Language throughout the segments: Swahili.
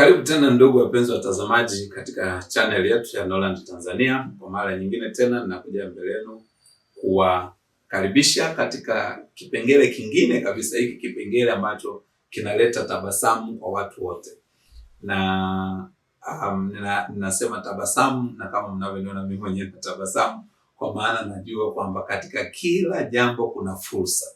Karibu tena ndugu wapenzi watazamaji, katika channel yetu ya Norland Tanzania. Kwa mara nyingine tena ninakuja mbele yenu kuwakaribisha katika kipengele kingine kabisa, hiki kipengele ambacho kinaleta tabasamu kwa watu wote na um, ninasema nina tabasamu, na kama mnavyoniona mimi mwenyewe tabasamu, kwa maana najua kwamba katika kila jambo kuna fursa,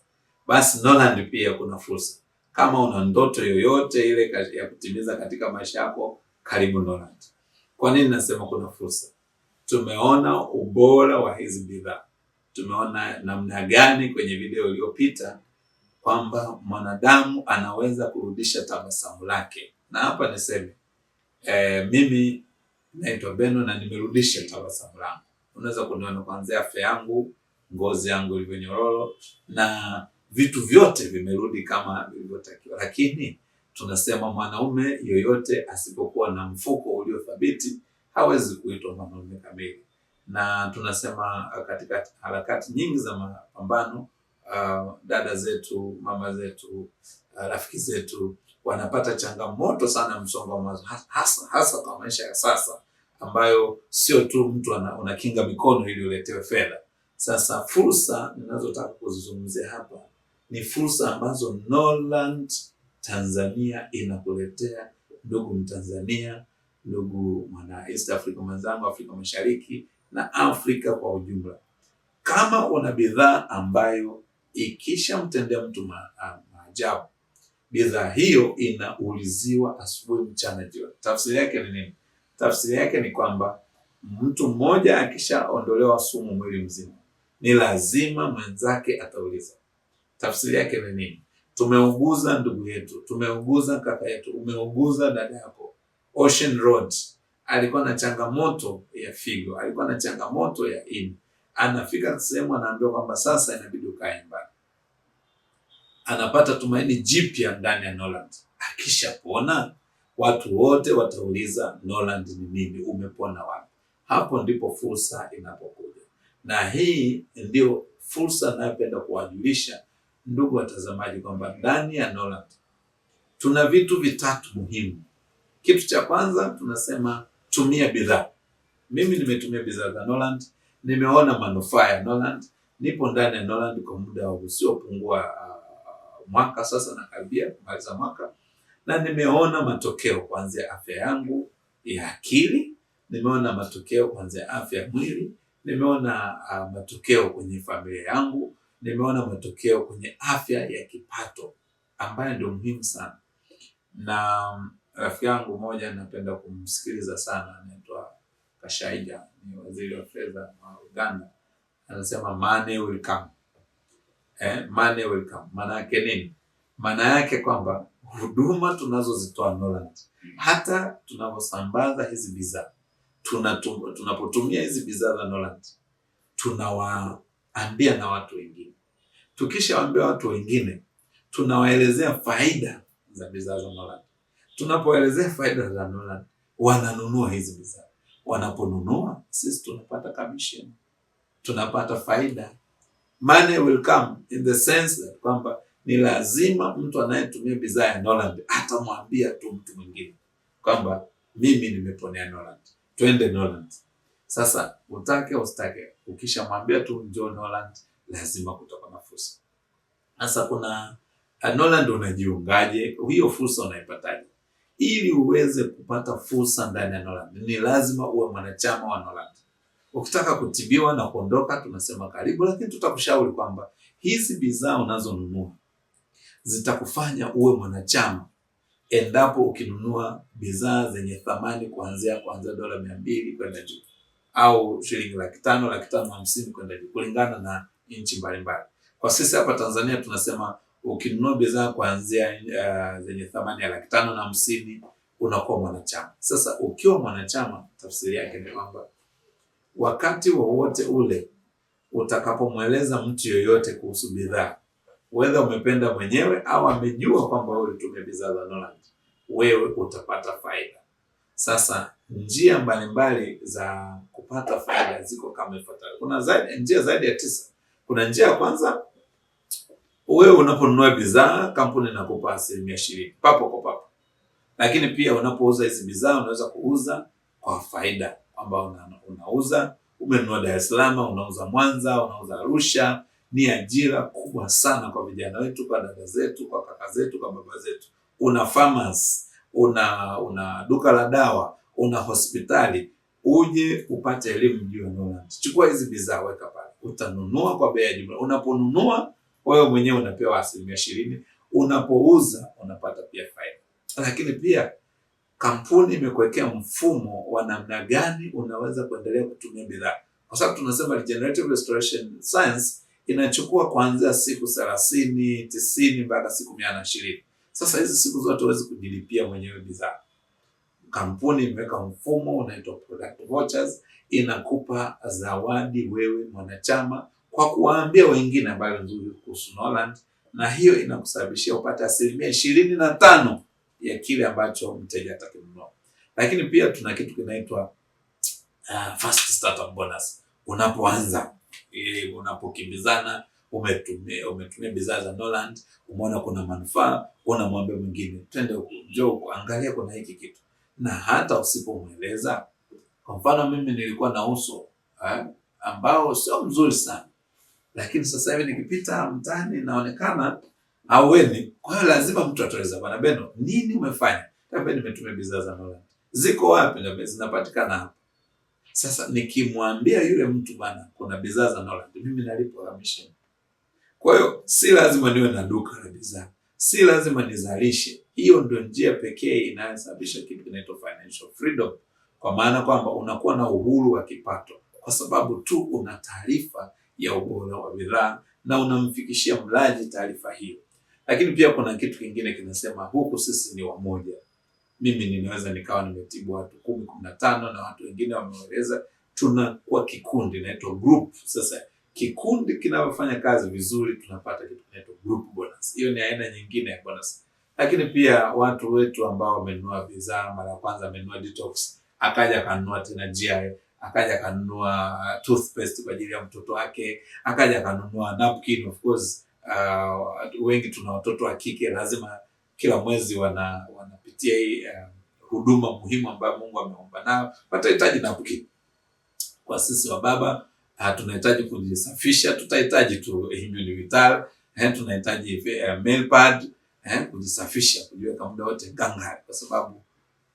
basi Norland pia kuna fursa kama una ndoto yoyote ile ya kutimiza katika maisha yako, karibu Norant. Kwa nini nasema kuna fursa? Tumeona ubora wa hizi bidhaa, tumeona namna gani kwenye video iliyopita kwamba mwanadamu anaweza kurudisha tabasamu lake, na hapa niseme e, mimi naitwa Beno na nimerudisha tabasamu langu. Unaweza kuniona kuanzia afya yangu, ngozi yangu ilivyonyororo na vitu vyote vimerudi kama vilivyotakiwa, lakini tunasema mwanaume yoyote asipokuwa na mfuko uliothabiti hawezi kuitwa mwanaume kamili, na tunasema uh, katika harakati nyingi za mapambano uh, dada zetu, mama zetu, uh, rafiki zetu wanapata changamoto sana msongo wa mawazo, hasa hasa kwa maisha ya sasa ambayo sio tu mtu unakinga mikono ili uletewe fedha. Sasa fursa ninazotaka kuzizungumzia hapa ni fursa ambazo Norland Tanzania inakuletea ndugu Mtanzania, ndugu mwana East Africa mwenzangu, Afrika Mashariki na Afrika kwa ujumla. Kama una bidhaa ambayo ikishamtendea mtu maajabu bidhaa hiyo inauliziwa asubuhi, mchana, jioni. Tafsiri yake ni nini? Tafsiri yake ni kwamba mtu mmoja akishaondolewa sumu mwili mzima, ni lazima mwenzake atauliza Tafsiri yake ni nini? Tumeuguza ndugu yetu, tumeuguza kaka yetu, umeuguza dada yako. Ocean Road alikuwa na changamoto ya figo, alikuwa na changamoto ya ini. Anafika sehemu anaambiwa kwamba sasa inabidi ukae mbali. Anapata tumaini jipya ndani ya Norland. Akishapona watu wote watauliza Norland ni nini, umepona wapi? Hapo ndipo fursa inapokuja, na hii ndio fursa anayopenda kuwajulisha ndugu watazamaji, kwamba ndani ya NOLAT tuna vitu vitatu muhimu. Kitu cha kwanza tunasema tumia bidhaa. Mimi nimetumia bidhaa za NOLAT, nimeona manufaa ya NOLAT, nipo ndani ya NOLAT kwa muda wa usiopungua uh, mwaka sasa, nakaribia kumaliza mwaka, na nimeona matokeo kuanzia afya yangu ya akili, nimeona matokeo kuanzia afya ya mwili, nimeona uh, matokeo kwenye familia yangu nimeona matokeo kwenye afya ya kipato ambayo ndio muhimu sana. Na mm, rafiki yangu mmoja napenda kumsikiliza sana, anaitwa Kashaija, ni waziri wa fedha wa Uganda, anasema money will come. Eh, money will come. Maana yake nini? Maana yake kwamba huduma tunazozitoa Norland, hata tunaposambaza hizi bidhaa, tunapotumia hizi bidhaa za Norland, tunawaambia na watu wengine Tukishawaambia watu wengine, tunawaelezea faida za bidhaa za Norland. Tunapoelezea faida za Norland, wananunua hizi bidhaa. Wanaponunua, sisi tunapata commission, tunapata faida. Money will come in the sense that kwamba ni lazima mtu anayetumia bidhaa ya Norland atamwambia tu mtu mwingine kwamba mimi nimeponea Norland, twende Norland. Sasa utake usitake, ukishamwambia tu njoo Norland lazima kutakuwa na fursa. Sasa kuna eh, Nola, ndo unajiungaje? Hiyo fursa unaipataje? Ili uweze kupata fursa ndani ya Noland ni lazima uwe mwanachama wa Noland. Ukitaka kutibiwa na kuondoka, tunasema karibu, lakini tutakushauri kwamba hizi bidhaa unazonunua zitakufanya uwe mwanachama endapo ukinunua bidhaa zenye thamani kuanzia kuanzia dola mia mbili kwenda juu au shilingi laki tano laki tano hamsini kwenda juu kulingana na nchi mbalimbali. Kwa sisi hapa Tanzania tunasema ukinunua bidhaa kuanzia uh, zenye thamani ya laki tano na hamsini unakuwa mwanachama. Sasa ukiwa mwanachama, tafsiri yake ni kwamba wakati wowote ule utakapomweleza mtu yoyote kuhusu bidhaa, wedha umependa mwenyewe au amejua kwamba wewe ulitumia bidhaa za Norland, wewe utapata faida. Sasa njia mbalimbali za kupata faida ziko kama ifuatavyo. Kuna zaidi, njia zaidi ya tisa kuna njia ya kwanza, wewe unaponunua bidhaa kampuni inakupa asilimia ishirini papo kwa papo, lakini pia unapouza hizi bidhaa unaweza kuuza kwa faida ambao unauza umenunua Dar es Salaam, unauza Mwanza, unauza Arusha. Ni ajira kubwa sana kwa vijana wetu, kwa dada zetu, kwa kaka zetu, kwa baba zetu. Una farmers, una una duka la dawa, una hospitali, uje upate elimu juu ya Chukua hizi bidhaa weka utanunua kwa bei ya jumla. Unaponunua wewe mwenyewe unapewa asilimia ishirini, unapouza unapata pia faida. Lakini pia kampuni imekuwekea mfumo wa namna gani unaweza kuendelea kutumia bidhaa, kwa sababu tunasema regenerative restoration science inachukua kuanzia siku thelathini, tisini mpaka siku mia na ishirini. Sasa hizi siku zote huwezi kujilipia mwenyewe bidhaa kampuni imeweka mfumo unaitwa product vouchers, inakupa zawadi wewe mwanachama kwa kuwaambia wengine habari nzuri kuhusu Norland, na hiyo inakusababishia upate asilimia ishirini na tano ya kile ambacho mteja atakinunua. Lakini pia tuna kitu kinaitwa uh, ah, fast startup bonus. Unapoanza e, unapokimbizana umetumia umetumia bidhaa za Norland, umeona kuna manufaa, unamwambia mwingine, twende njoo, angalia kuna hiki kitu na hata usipomweleza. Kwa mfano mimi nilikuwa na uso eh, ambao sio mzuri sana, lakini sasa hivi nikipita mtaani naonekana aweni. Kwa hiyo lazima mtu ataweza, bwana Beno, nini umefanya? Labda nimetumia bidhaa za Mola, ziko wapi? Labda zinapatikana hapa. Sasa nikimwambia yule mtu bwana, kuna bidhaa za Mola, mimi nalipo kamisheni. Kwa hiyo si lazima niwe na duka la bidhaa si lazima nizalishe. Hiyo ndio njia pekee inayosababisha kitu kinaitwa financial freedom, kwa maana kwamba unakuwa na uhuru wa kipato kwa sababu tu una taarifa ya ubora wa bidhaa na unamfikishia mlaji taarifa hiyo. Lakini pia kuna kitu kingine kinasema, huku sisi ni wamoja. Mimi ninaweza nikawa nimetibu watu kumi kumi na tano na watu wengine wameeleza, tunakuwa kikundi, inaitwa group. Sasa Kikundi kinavyofanya kazi vizuri tunapata kitu kinaitwa group bonus. Hiyo ni aina nyingine ya bonus. Lakini pia watu wetu ambao wamenunua bidhaa mara ya kwanza, amenunua detox, akaja akanunua tena GI, akaja akanunua uh, toothpaste kwa ajili ya mtoto wake, akaja akanunua napkin. Of course uh, wengi tuna watoto wa kike, lazima kila mwezi wana wanapitia hii uh, huduma muhimu ambayo Mungu ameomba nao, watahitaji napkin. Kwa sisi wa baba Ah, tunahitaji kujisafisha, tutahitaji tu Immunivital, eh, tunahitaji uh, eh, Melpad, eh, kujisafisha, kujiweka muda wote gangari, kwa sababu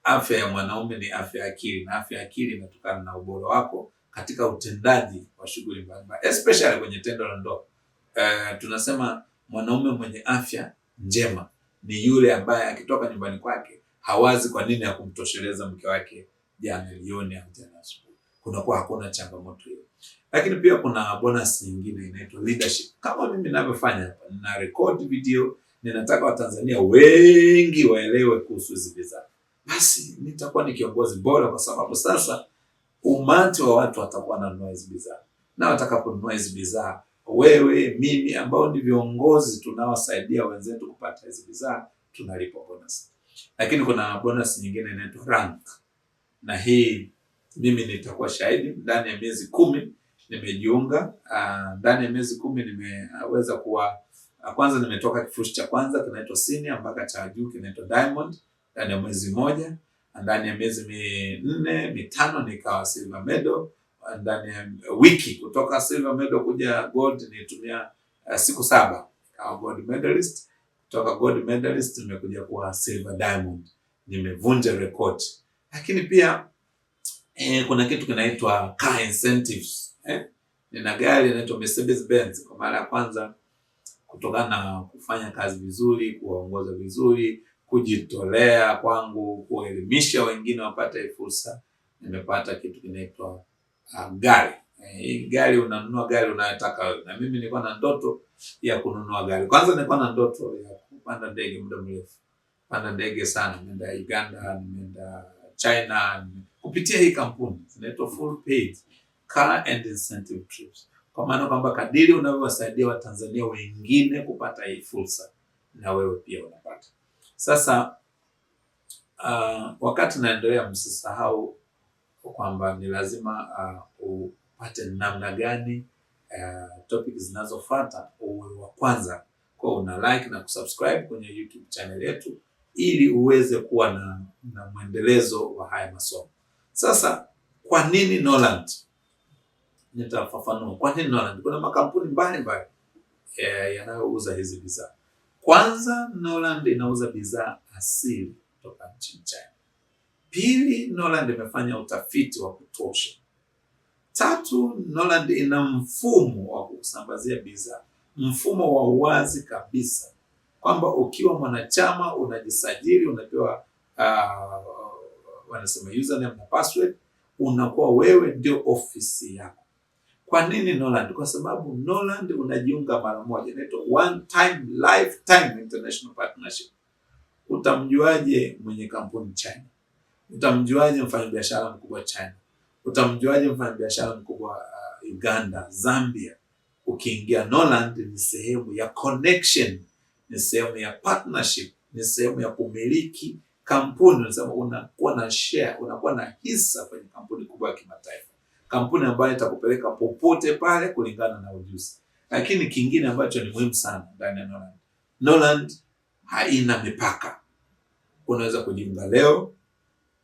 afya ya mwanaume ni afya ya akili, na afya ya akili inatokana na ubora wako katika utendaji wa shughuli mbalimbali especially kwenye tendo la ndoa. Eh, tunasema mwanaume mwenye afya njema ni yule ambaye akitoka nyumbani kwake hawazi kwa nini ya kumtosheleza mke wake jana jioni au jana asubuhi, kunakuwa hakuna changamoto hiyo. Lakini pia kuna bonus nyingine inaitwa leadership. Kama mimi ninavyofanya hapa, nina record video, ninataka Watanzania wengi waelewe kuhusu hizi bidhaa, basi nitakuwa ni kiongozi bora, kwa sababu sasa umati wa watu watakuwa wananunua hizi bidhaa, na watakaponunua hizi bidhaa, wewe, mimi, ambao ni viongozi tunawasaidia wenzetu kupata hizi bidhaa, tunalipwa bonus. Lakini kuna bonus nyingine inaitwa rank, na hii mimi nitakuwa shahidi. Ndani ya miezi kumi nimejiunga, ah, ndani ya miezi kumi nimeweza kuwa ah, kwanza, nimetoka kifurushi cha kwanza kinaitwa senior mpaka cha juu kinaitwa diamond ndani ya mwezi moja. Ah, ndani ya miezi minne mitano nikawa silver medal. Ndani ya wiki kutoka silver medal kuja gold nilitumia uh, siku saba kama gold medalist. Kutoka gold medalist nimekuja kuwa silver diamond, nimevunja record lakini pia eh, kuna kitu kinaitwa car incentives eh? Nina gari inaitwa Mercedes Benz kwa mara ya kwanza, kutokana na kufanya kazi vizuri, kuwaongoza vizuri, kujitolea kwangu, kuelimisha wengine wapate fursa, nimepata kitu kinaitwa uh, gari eh, hii e, gari unanunua gari unayotaka wewe. Na mimi nilikuwa na ndoto ya kununua gari. Kwanza nilikuwa na ndoto ya kupanda ndege muda mrefu, panda ndege sana, nimeenda Uganda, nimeenda China, nime kupitia hii kampuni zinaitwa full paid car and incentive trips, kwa maana kwamba kadiri unavyowasaidia Watanzania wengine kupata hii fursa na wewe pia unapata. Sasa uh, wakati naendelea, msisahau kwamba ni lazima uh, upate namna gani uh, topic zinazofuata uwe wa kwanza kwa una like na kusubscribe kwenye YouTube channel yetu ili uweze kuwa na, na mwendelezo wa haya masomo. Sasa kwa nini Norland? Nitafafanua kwa nini Norland. Kuna makampuni mbalimbali eh, yanayouza hizi bidhaa. Kwanza, Norland inauza bidhaa asili kutoka nchini China. Pili, Norland imefanya utafiti wa kutosha. Tatu, Norland ina mfumo wa kusambazia bidhaa, mfumo wa uwazi kabisa kwamba ukiwa mwanachama unajisajili, unapewa uh, wanasema username na password, unakuwa wewe ndio ofisi yako. Kwa nini Norland? Kwa sababu Norland unajiunga mara moja, inaitwa one time lifetime international partnership. Utamjuaje mwenye kampuni China? Utamjuaje mfanyabiashara mkubwa China? Utamjuaje mfanyabiashara mkubwa uh, Uganda, Zambia? Ukiingia Norland ni sehemu ya connection, ni sehemu ya partnership, ni sehemu ya kumiliki kampuni unasema unakuwa na share, unakuwa na hisa kwenye kampuni kubwa ya kimataifa, kampuni ambayo itakupeleka popote pale kulingana na ujuzi. Lakini kingine ambacho ni muhimu sana ndani ya Norland, Norland haina mipaka. Unaweza kujiunga leo,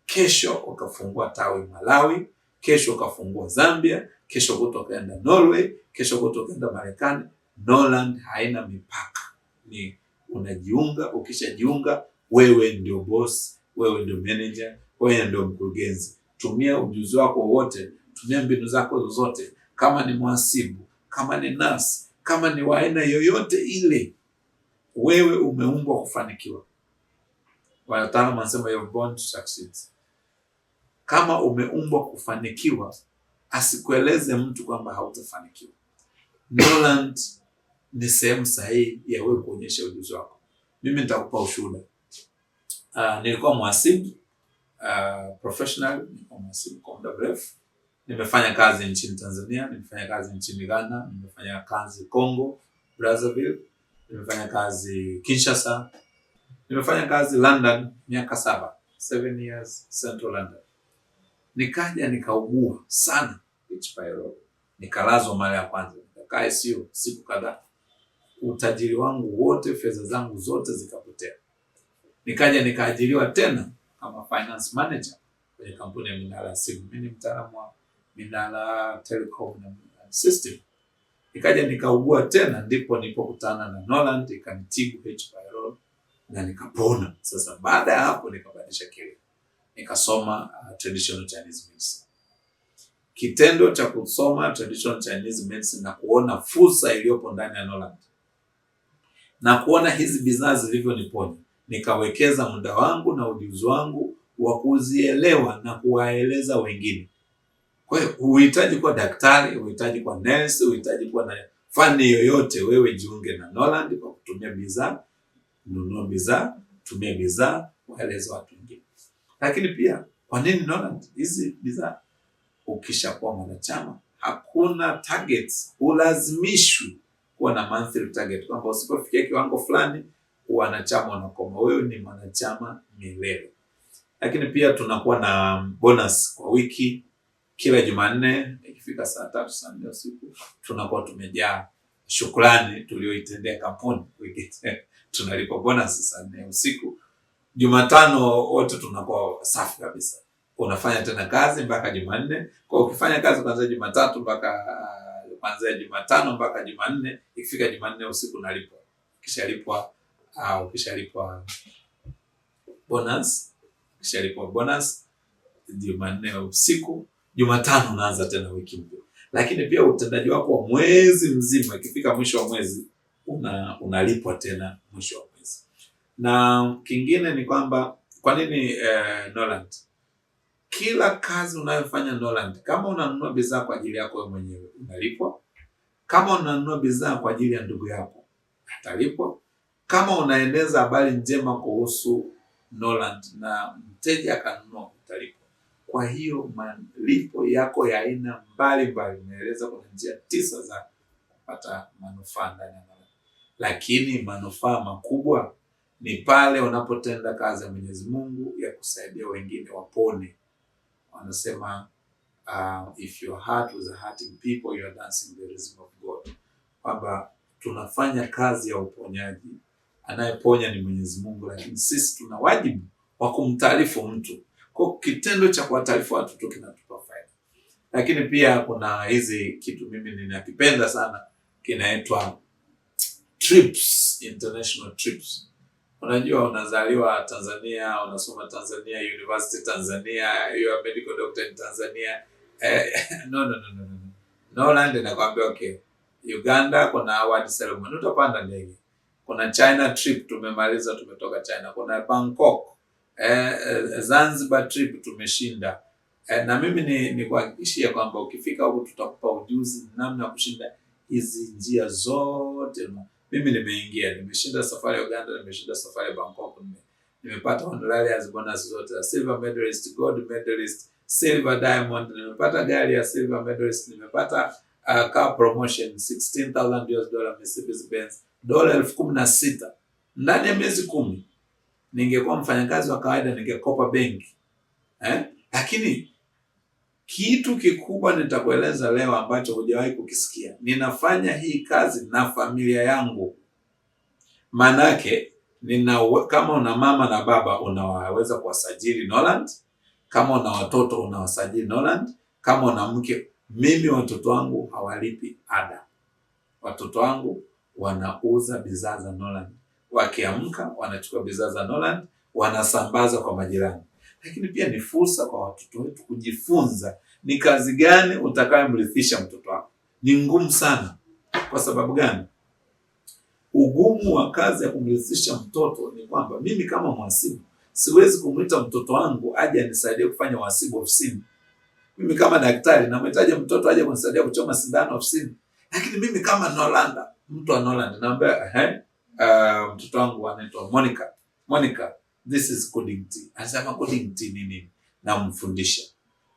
kesho ukafungua tawi Malawi, kesho ukafungua Zambia, kesho kuto ukaenda Norway, kesho kuto ukaenda Marekani. Norland haina mipaka, ni unajiunga, ukishajiunga wewe ndio boss, wewe ndio manager, wewe ndio mkurugenzi. Tumia ujuzi wako wote, tumia mbinu zako zozote, kama ni mhasibu, kama ni nurse, kama ni waaina yoyote ile, wewe umeumbwa kufanikiwa. Wataalamu wanasema you're born to succeed. Kama umeumbwa kufanikiwa, asikueleze mtu kwamba hautafanikiwa. Norland ni sehemu sahihi ya wewe kuonyesha ujuzi wako. Mimi nitakupa ushuhuda. Uh, nilikuwa mhasibu uh, ah, professional, nilikuwa mhasibu kwa muda mrefu. Nimefanya kazi nchini Tanzania, nimefanya kazi nchini Ghana, nimefanya kazi Congo Brazzaville, nimefanya kazi Kinshasa, nimefanya kazi London miaka saba, seven years Central London. Nikaja nikaugua sana H nikalazwa mara ya kwanza, nikakaa sio siku kadhaa, utajiri wangu wote, fedha zangu zote zikapotea. Nikaja nikaajiriwa tena kama finance manager kwenye kampuni ya minara ya simu. Mimi ni mtaalamu wa minara, telecom na Minara system. Nikaja nikaugua tena, ndipo nilipokutana na Norland, ikanitibu HVR na nikapona. Sasa baada ya hapo nikabadilisha kile, nikasoma uh, traditional Chinese medicine. Kitendo cha kusoma traditional Chinese medicine na kuona fursa iliyopo ndani ya Norland na kuona hizi bidhaa zilivyoniponya nikawekeza muda wangu na ujuzi wangu wa kuzielewa na kuwaeleza wengine. Kwa hiyo huhitaji kuwa daktari, huhitaji kuwa nurse, huhitaji kuwa na fani yoyote. Wewe jiunge na Norland kwa kutumia bidhaa, nunua bidhaa, tumia bidhaa, waeleza watu wengine. Lakini pia kwa nini Norland hizi bidhaa? Ukishakuwa mwanachama hakuna targets, hulazimishwi kuwa na monthly target kwamba usipofikia kiwango fulani wanachama wanakoma, wewe ni mwanachama milele. Lakini pia tunakuwa na bonus kwa wiki, kila Jumanne ikifika saa tatu saa nne usiku tunakuwa tumejaa shukrani tulioitendea kampuni tunalipa bonus saa nne usiku. Jumatano wote tunakuwa safi kabisa, unafanya tena kazi mpaka Jumanne. Kwa ukifanya kazi kuanzia Jumatatu mpaka kuanzia Jumatano mpaka Jumanne, ikifika Jumanne usiku nalipwa, kisha lipwa Ah, ukishalipwa bonus, ukishalipwa bonus Jumanne usiku, Jumatano unaanza tena wiki mpya. Lakini pia utendaji wako wa mwezi mzima, ikifika mwisho wa mwezi una unalipwa tena mwisho wa mwezi. Na kingine ni kwamba kwa nini eh, Norland kila kazi unayofanya Norland, kama unanunua bidhaa kwa ajili yako wewe mwenyewe unalipwa. Kama unanunua bidhaa kwa ajili ya ndugu yako atalipwa kama unaeneza habari njema kuhusu Norland na mteja akanunua utalipo. Kwa hiyo malipo yako ya aina mbalimbali, unaeleza kuna njia tisa za kupata manufaa ndani ya Norland, lakini manufaa makubwa ni pale unapotenda kazi ya Mwenyezi Mungu ya kusaidia wengine wapone. Wanasema uh, if your heart was hurting people you are dancing the rhythm of God, kwamba tunafanya kazi ya uponyaji Anayeponya ni Mwenyezi Mungu, lakini sisi tuna wajibu wa kumtaarifu mtu. Kwa kitendo cha kuwataarifu watu tu kinatupa faida, lakini pia kuna hizi kitu mimi ninakipenda sana kinaitwa trips, international trips. Unajua, unazaliwa Tanzania, unasoma Tanzania, university Tanzania, you are medical doctor in Tanzania. Eh, no, no, no, no, no. No, nakwambia okay, Uganda kuna award ceremony, utapanda ndege kuna China trip tumemaliza, tumetoka China. Kuna Bangkok eh, eh, Zanzibar trip tumeshinda. Eh, na mimi ni, ni kuhakikishia kwamba ukifika huko tutakupa ujuzi namna ya kushinda hizi njia zote. Mimi nimeingia, nimeshinda safari ya Uganda, nimeshinda safari ya Bangkok, nimepata as bonus zote, silver medalist, gold medalist, silver diamond, nimepata gari ya silver medalist, nimepata uh, car promotion 16000 US dollar Mercedes Benz, dola elfu kumi na sita ndani ya miezi kumi. Ningekuwa mfanyakazi wa kawaida ningekopa benki eh? Lakini kitu kikubwa nitakueleza leo ambacho hujawahi kukisikia, ninafanya hii kazi na familia yangu. Manake nina kama una mama na baba unawaweza kuwasajili Norland, kama una watoto unawasajili Norland, kama una mke mimi watoto wangu hawalipi ada, watoto wangu wanauza bidhaa za Norland. Wakiamka wanachukua bidhaa za Norland wanasambaza kwa majirani, lakini pia ni fursa kwa watoto wetu kujifunza ni kazi gani utakayemrithisha mtoto wako. Ni ngumu sana. Kwa sababu gani? Ugumu wa kazi ya kumrithisha mtoto ni kwamba mimi kama mwasibu siwezi kumwita mtoto wangu aje anisaidie kufanya uhasibu ofisini. Mimi kama daktari namhitaji mtoto aje kunisaidia kuchoma sindano ofisini, lakini mimi kama Nolanda, mtu wa Nolanda naambia eh, uh, mtoto wangu anaitwa Monica. Monica, this is coding tea. Anasema coding tea ni nini? Namfundisha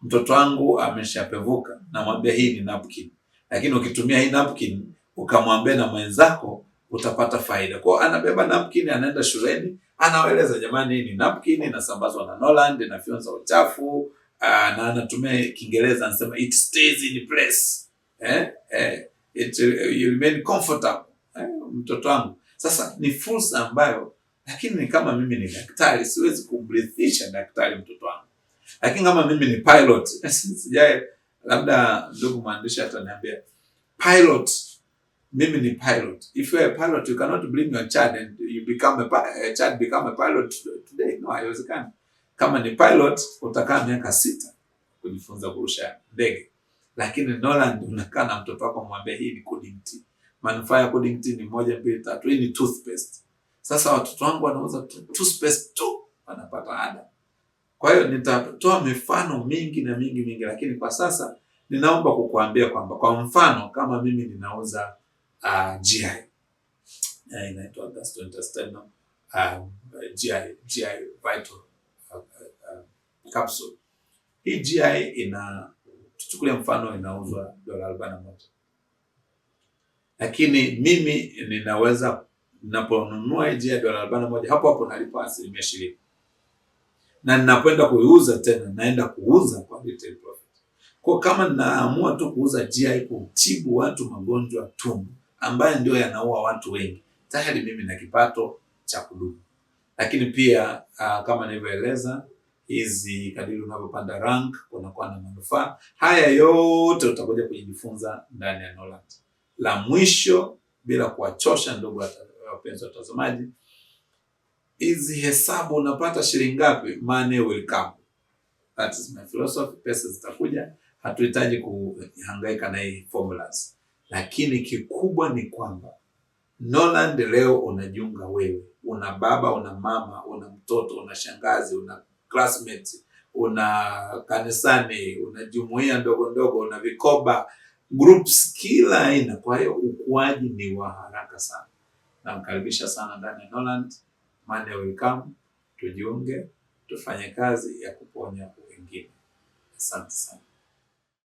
mtoto wangu ameshapevuka, namwambia hii ni napkin, lakini ukitumia hii napkin ukamwambia na mwenzako utapata faida. Kwao anabeba napkin, anaenda shuleni, anawaeleza jamani, hii ni napkin, inasambazwa na Noland, inafyonza uchafu uh, na anatumia Kiingereza anasema it stays in place eh, eh, it, uh, you remain comfortable eh, mtoto wangu. Sasa ni fursa ambayo, lakini ni kama mimi ni daktari, siwezi kumrithisha daktari mtoto wangu, lakini kama mimi ni pilot sijaye, labda ndugu mwandishi ataniambia pilot mimi ni pilot. If you are a pilot, you cannot bring your child and you become a, a child become a pilot today. No, haiwezekani. Kama ni pilot utakaa miaka sita kujifunza kurusha ndege, lakini Nolan unakaa na mtoto wako mwambie, hii ni coding tea, manufaa ya coding tea ni moja, mbili, tatu. Hii ni toothpaste. Sasa watoto wangu wanauza toothpaste tu, wanapata ada. Kwa hiyo nitatoa mifano mingi na mingi mingi, lakini kwa sasa ninaomba kukuambia kwamba kwa mfano kama mimi ninauza uh, ah, GI eh, inaitwa gastrointestinal uh, GI, GI vital capsule. Hii GI ina tuchukulie mfano inauzwa dola arobaini na moja, lakini mimi ninaweza ninaponunua GI dola arobaini na moja hapo hapo nalipa asilimia ishirini na ninapoenda kuiuza tena naenda kuuza kwa retail profit. Kwa kama ninaamua tu kuuza GI kutibu watu magonjwa tumbo ambayo ndio yanaua watu wengi, tayari mimi na kipato cha kudumu. Lakini pia uh, kama nilivyoeleza hizi kadiri unavyopanda rank kunakuwa na manufaa haya yote utakuja kujifunza ndani ya Norlant. La mwisho bila kuwachosha ndugu wapenzi watazamaji, hizi hesabu unapata shilingi ngapi, money will come. That is my philosophy. Pesa zitakuja, hatuhitaji kuhangaika na hii formulas, lakini kikubwa ni kwamba Norland leo unajiunga wewe, una baba, una mama, una mtoto, una shangazi, una classmates, una kanisani, una jumuiya ndogo ndogo, una vikoba groups, kila aina. Kwa hiyo ukuaji ni wa haraka sana. Namkaribisha sana ndani ya Norland. Monday will come, tujiunge, tufanye kazi ya kuponya wengine. Asante sana.